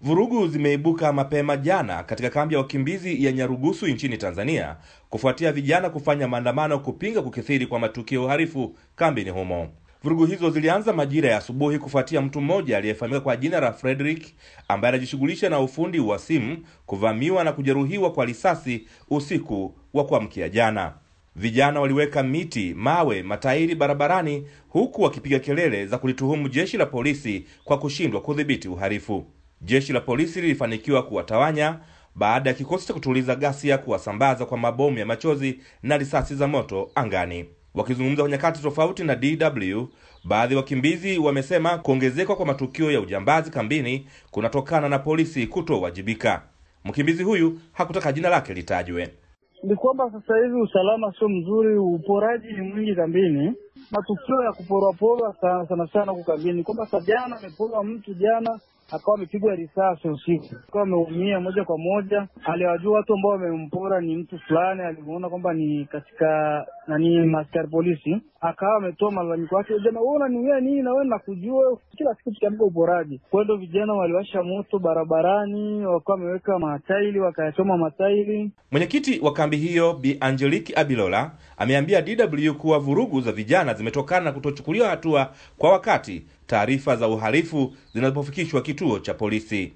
Vurugu zimeibuka mapema jana katika kambi ya wakimbizi ya Nyarugusu nchini Tanzania kufuatia vijana kufanya maandamano kupinga kukithiri kwa matukio harifu kambini humo. Vurugu hizo zilianza majira ya asubuhi kufuatia mtu mmoja aliyefahamika kwa jina la Frederick ambaye anajishughulisha na ufundi wa simu kuvamiwa na kujeruhiwa kwa risasi usiku wa kuamkia jana. Vijana waliweka miti, mawe, matairi barabarani huku wakipiga kelele za kulituhumu jeshi la polisi kwa kushindwa kudhibiti uhalifu. Jeshi la polisi lilifanikiwa kuwatawanya baada ya kikosi cha kutuliza ghasia kuwasambaza kwa mabomu ya machozi na risasi za moto angani. Wakizungumza kwa nyakati tofauti na DW, baadhi ya wakimbizi wamesema kuongezeka kwa matukio ya ujambazi kambini kunatokana na polisi kutowajibika. Mkimbizi huyu hakutaka jina lake litajwe. Ni kwamba sasa hivi usalama sio mzuri, uporaji ni mwingi kambini, matukio ya kuporwaporwa sana sana huku kambini, kwamba sa jana ameporwa mtu jana akawa amepigwa risasi usiku, akawa ameumia moja kwa moja. Aliwajua watu ambao wamempora ni mtu fulani, alimuona kwamba ni katika nani maskari polisi, akawa ametoa malalamiko yake, jamaa, wewe unaniwia nini na wewe nakujua, kila siku tukiamka uporaji. Kwa hiyo vijana waliwasha moto barabarani, wakawa wameweka matairi, wakayachoma matairi. Mwenyekiti wa kambi hiyo Bi Angelique Abilola ameambia DW kuwa vurugu za vijana zimetokana na kutochukuliwa hatua kwa wakati taarifa za uhalifu zinapofikishwa kituo cha polisi.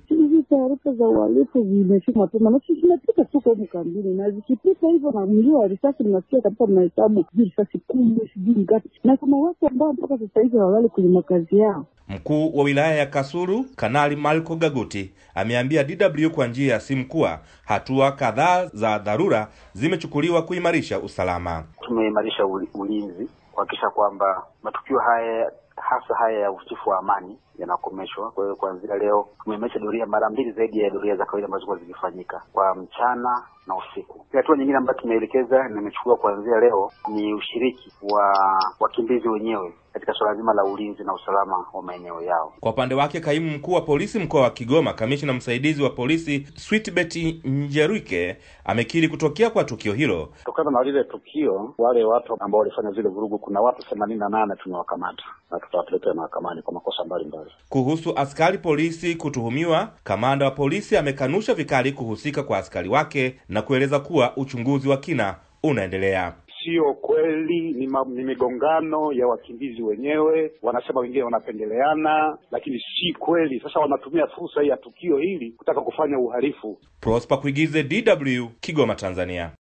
taarifa za uhalifu zimefika mapema na zinapita tu humu kambini, na zikipita hivyo na mlio wa risasi mnasikia kabisa, mnahesabu sijui risasi kumi sijui ngapi, na kuna watu ambao mpaka sasa hivi hawalali kwenye makazi yao. Mkuu wa wilaya ya Kasulu Kanali Malko Gaguti ameambia DW kwa njia ya simu kuwa hatua kadhaa za dharura zimechukuliwa kuimarisha usalama. Tumeimarisha ulinzi kuhakikisha kwamba matukio haya hasa haya ya usifu wa amani yanakomeshwa. Kwa hiyo kuanzia leo tumemesha doria mara mbili zaidi ya doria za kawaida ambazo zilikuwa zikifanyika kwa mchana na usiku. Hatua nyingine ambayo tumeelekeza nimechukua kuanzia leo ni ushiriki wa wakimbizi wenyewe katika suala zima la ulinzi na usalama wa maeneo yao. Kwa upande wake, kaimu mkuu wa polisi mkoa wa Kigoma, kamishina msaidizi wa polisi Sweetbet Njeruike amekiri kutokea kwa tukio hilo. Kutokana na lile tukio, wale watu ambao walifanya zile vurugu, kuna watu themanini na nane tumewakamata na tutawapelekea mahakamani kwa makosa mbalimbali. Kuhusu askari polisi kutuhumiwa, kamanda wa polisi amekanusha vikali kuhusika kwa askari wake na kueleza kuwa uchunguzi wa kina unaendelea sio kweli, ni, ma, ni migongano ya wakimbizi wenyewe. Wanasema wengine wanapendeleana, lakini si kweli. Sasa wanatumia fursa hii ya tukio hili kutaka kufanya uhalifu. Prosper Kuigize, DW, Kigoma, Tanzania.